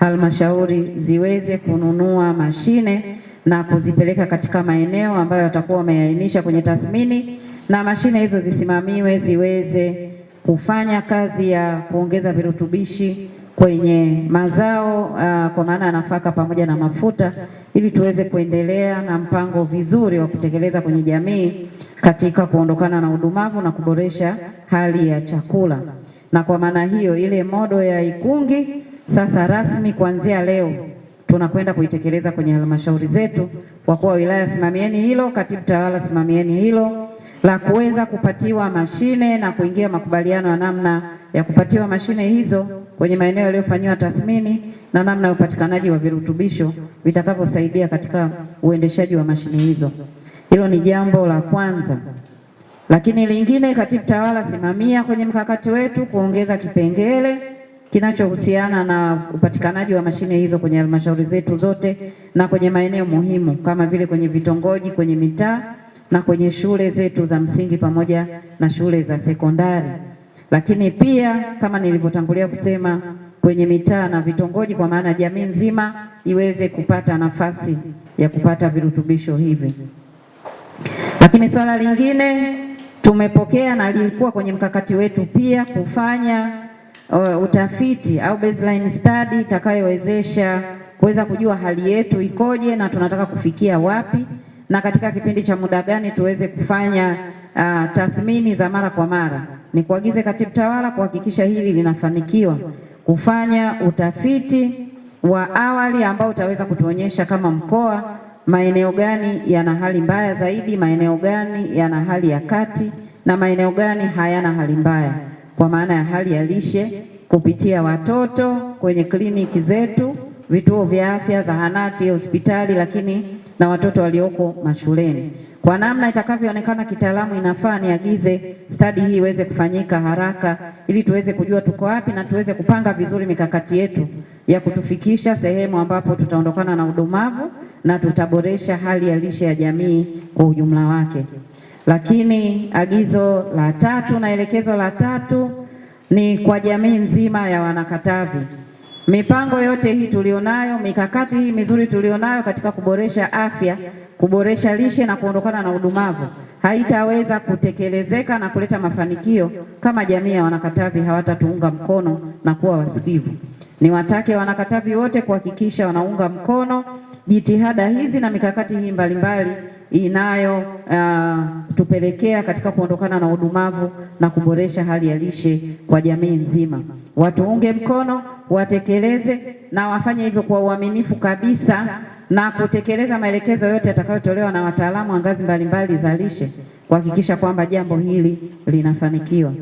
halmashauri ziweze kununua mashine na kuzipeleka katika maeneo ambayo watakuwa wameainisha kwenye tathmini, na mashine hizo zisimamiwe ziweze kufanya kazi ya kuongeza virutubishi kwenye mazao uh, kwa maana ya nafaka pamoja na mafuta, ili tuweze kuendelea na mpango vizuri wa kutekeleza kwenye jamii katika kuondokana na udumavu na kuboresha hali ya chakula. Na kwa maana hiyo ile modo ya Ikungi sasa rasmi kuanzia leo tunakwenda kuitekeleza kwenye halmashauri zetu. Wakuu wa wilaya simamieni hilo, katibu tawala simamieni hilo la kuweza kupatiwa mashine na kuingia makubaliano ya namna ya kupatiwa mashine hizo kwenye maeneo yaliyofanyiwa tathmini na namna ya upatikanaji wa virutubisho vitakavyosaidia katika uendeshaji wa mashine hizo. Hilo ni jambo la kwanza, lakini lingine, katibu tawala simamia kwenye mkakati wetu kuongeza kipengele kinachohusiana na upatikanaji wa mashine hizo kwenye halmashauri zetu zote na kwenye maeneo muhimu kama vile kwenye vitongoji, kwenye mitaa na kwenye shule zetu za msingi pamoja na shule za sekondari. Lakini pia kama nilivyotangulia kusema, kwenye mitaa na vitongoji, kwa maana jamii nzima iweze kupata nafasi ya kupata virutubisho hivi. Lakini swala lingine tumepokea na lilikuwa kwenye mkakati wetu pia kufanya uh, utafiti au baseline study itakayowezesha kuweza kujua hali yetu ikoje na tunataka kufikia wapi na katika kipindi cha muda gani tuweze kufanya uh, tathmini za mara kwa mara. Nikuagize katibu tawala kuhakikisha hili linafanikiwa, kufanya utafiti wa awali ambao utaweza kutuonyesha kama mkoa maeneo gani yana hali mbaya zaidi, maeneo gani yana hali ya kati na maeneo gani hayana hali mbaya kwa maana ya hali ya lishe kupitia watoto kwenye kliniki zetu, vituo vya afya, zahanati, hospitali, lakini na watoto walioko mashuleni. Kwa namna itakavyoonekana kitaalamu, inafaa niagize stadi hii iweze kufanyika haraka, ili tuweze kujua tuko wapi na tuweze kupanga vizuri mikakati yetu ya kutufikisha sehemu ambapo tutaondokana na udumavu na tutaboresha hali ya lishe ya jamii kwa ujumla wake. Lakini agizo la tatu na elekezo la tatu ni kwa jamii nzima ya Wanakatavi. Mipango yote hii tulionayo, mikakati hii mizuri tulionayo katika kuboresha afya, kuboresha lishe na kuondokana na udumavu haitaweza kutekelezeka na kuleta mafanikio kama jamii ya Wanakatavi hawatatuunga mkono na kuwa wasikivu. Niwatake Wanakatavi wote kuhakikisha wanaunga mkono jitihada hizi na mikakati hii mbalimbali mbali inayotupelekea ah, uh, katika kuondokana na udumavu na kuboresha hali ya lishe kwa jamii nzima. Watuunge mkono, watekeleze na wafanye hivyo kwa uaminifu kabisa na kutekeleza maelekezo yote yatakayotolewa na wataalamu wa ngazi mbalimbali za lishe kuhakikisha kwamba jambo hili linafanikiwa.